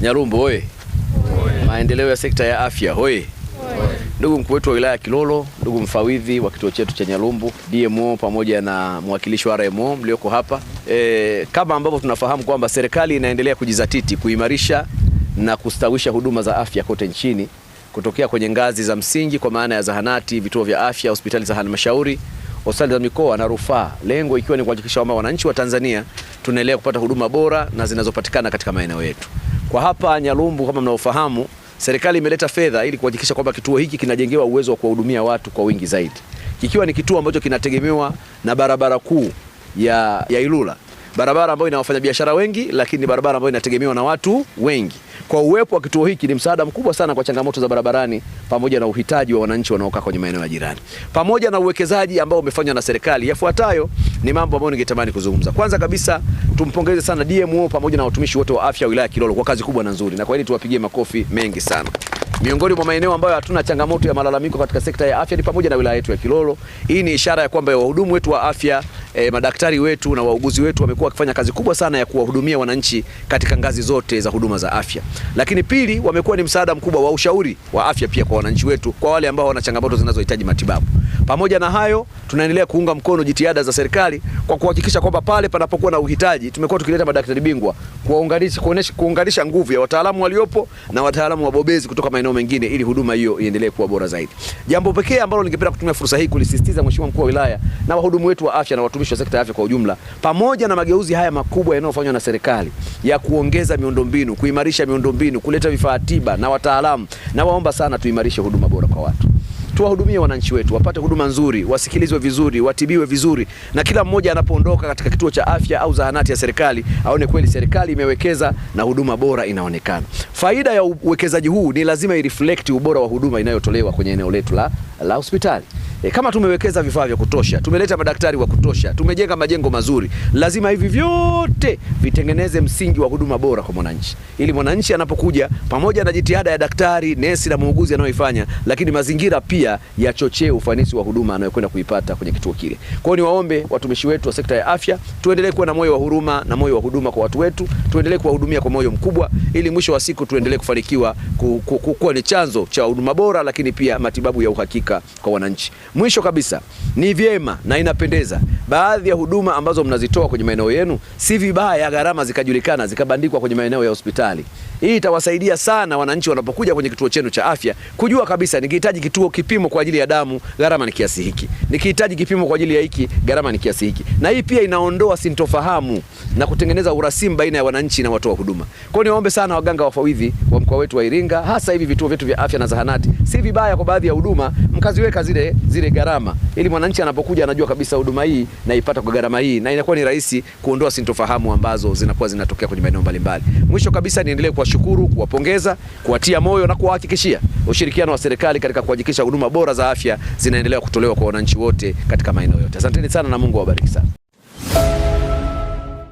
Nyarumbo hoye! Maendeleo ya sekta ya afya hoye! Ndugu mkuu wetu wa wilaya ya Kilolo, ndugu mfawidhi wa kituo chetu cha Nyalumbu, DMO pamoja na mwakilishi wa RMO mlioko hapa e, kama ambavyo tunafahamu kwamba serikali inaendelea kujizatiti kuimarisha na kustawisha huduma za afya kote nchini kutokea kwenye ngazi za msingi kwa maana ya zahanati, vituo vya afya, hospitali za halmashauri hospitali za mikoa na rufaa, lengo ikiwa ni kuhakikisha kwamba wananchi wa Tanzania tunaendelea kupata huduma bora na zinazopatikana katika maeneo yetu. Kwa hapa Nyalumbu, kama mnaofahamu, serikali imeleta fedha ili kuhakikisha kwamba kituo hiki kinajengewa uwezo wa kuwahudumia watu kwa wingi zaidi, kikiwa ni kituo ambacho kinategemewa na barabara kuu ya, ya Ilula barabara ambayo ina wafanyabiashara wengi, lakini barabara ambayo inategemewa na watu wengi. Kwa uwepo wa kituo hiki ni msaada mkubwa sana kwa changamoto za barabarani pamoja na uhitaji wa wananchi wanaokaa kwenye maeneo ya jirani, pamoja na uwekezaji ambao umefanywa na serikali. Yafuatayo ni mambo ambayo ningetamani kuzungumza. Kwanza kabisa, tumpongeze sana DMO pamoja na watumishi wote wa afya wilaya ya Kilolo kwa kazi kubwa na nzuri, na kwa hili tuwapigie makofi mengi sana. Miongoni mwa maeneo ambayo hatuna changamoto ya malalamiko katika sekta ya afya ni pamoja na wilaya yetu ya Kilolo. Hii ni ishara ya kwamba wahudumu wetu wa afya eh, madaktari wetu na wauguzi wetu wamekuwa wakifanya kazi kubwa sana ya kuwahudumia wananchi katika ngazi zote za huduma za afya. Lakini pili, wamekuwa ni msaada mkubwa wa ushauri wa afya pia kwa wananchi wetu, kwa wale ambao wana changamoto zinazohitaji matibabu. Pamoja na hayo tunaendelea kuunga mkono jitihada za serikali kwa kuhakikisha kwamba pale panapokuwa na uhitaji tumekuwa tukileta madaktari bingwa kuwaunganisha, kuunganisha nguvu ya wataalamu waliopo na wataalamu wabobezi kutoka maeneo mengine ili huduma hiyo iendelee kuwa bora zaidi. Jambo pekee ambalo ningependa kutumia fursa hii kulisisitiza Mheshimiwa Mkuu wa Wilaya na wahudumu wetu wa afya na watumishi wa sekta ya afya kwa ujumla, pamoja na mageuzi haya makubwa yanayofanywa na serikali ya kuongeza miundombinu, kuimarisha miundombinu, kuleta vifaa tiba na wataalamu, na waomba sana tuimarishe huduma bora kwa watu tuwahudumie wananchi wetu wapate huduma nzuri, wasikilizwe vizuri, watibiwe vizuri, na kila mmoja anapoondoka katika kituo cha afya au zahanati ya serikali aone kweli serikali imewekeza na huduma bora inaonekana. Faida ya uwekezaji huu ni lazima ireflect ubora wa huduma inayotolewa kwenye eneo letu la la hospitali. E, kama tumewekeza vifaa vya kutosha, tumeleta madaktari wa kutosha, tumejenga majengo mazuri, lazima hivi vyote vitengeneze msingi wa huduma bora kwa mwananchi, ili mwananchi anapokuja, pamoja na jitihada ya daktari, nesi na muuguzi anayoifanya, lakini mazingira pia yachochee ufanisi wa huduma anayokwenda kuipata kwenye kituo kile. Kwa hiyo niwaombe watumishi wetu wa sekta ya afya, tuendelee kuwa na moyo wa huruma na moyo wa huduma kwa watu wetu, tuendelee kuwahudumia kwa moyo mkubwa, ili mwisho wa siku tuendelee kufanikiwa kuwa ni chanzo cha huduma bora, lakini pia matibabu ya uhakika kutumika kwa wananchi. Mwisho kabisa, ni vyema na inapendeza baadhi ya huduma ambazo mnazitoa kwenye maeneo yenu, si vibaya gharama zikajulikana zikabandikwa kwenye maeneo ya hospitali. Hii itawasaidia sana wananchi wanapokuja kwenye kituo chenu cha afya kujua kabisa, nikihitaji kituo kipimo kwa ajili ya damu gharama ni kiasi hiki, nikihitaji kipimo kwa ajili ya hiki gharama ni kiasi hiki. Na hii pia inaondoa sintofahamu na kutengeneza urasimu baina ya wananchi na watoa huduma. Kwa hiyo niwaombe sana waganga wafawidhi wa mkoa wetu wa Iringa, hasa hivi vituo vyetu vya afya na zahanati, si vibaya kwa baadhi ya huduma mkaziweka zile zile gharama, ili mwananchi anapokuja anajua kabisa huduma hii naipata kwa gharama hii, na inakuwa ni rahisi kuondoa sintofahamu ambazo zinakuwa zinatokea kwenye maeneo mbalimbali. Mwisho kabisa, niendelee kuwashukuru, kuwapongeza, kuwatia moyo na kuwahakikishia ushirikiano wa serikali katika kuhakikisha huduma bora za afya zinaendelea kutolewa kwa wananchi wote katika maeneo yote. Asanteni sana na Mungu awabariki sana.